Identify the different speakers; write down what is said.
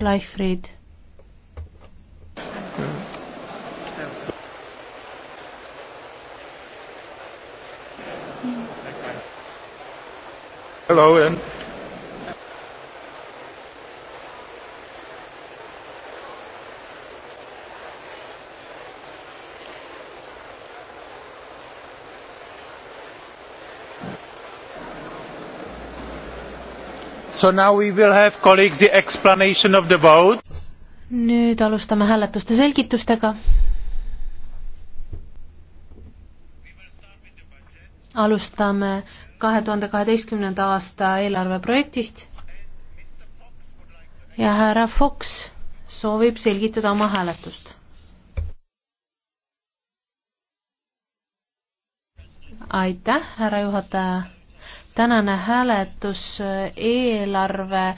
Speaker 1: Leifrid.
Speaker 2: Hello and
Speaker 3: So now we will have colleagues the explanation of the vote.
Speaker 4: nüüd alustame hääletuste selgitustega. alustame kahe tuhande kaheteistkümnenda aasta eelarveprojektist ja härra Fox soovib selgitada oma hääletust. aitäh, härra juhataja tänane hääletus eelarve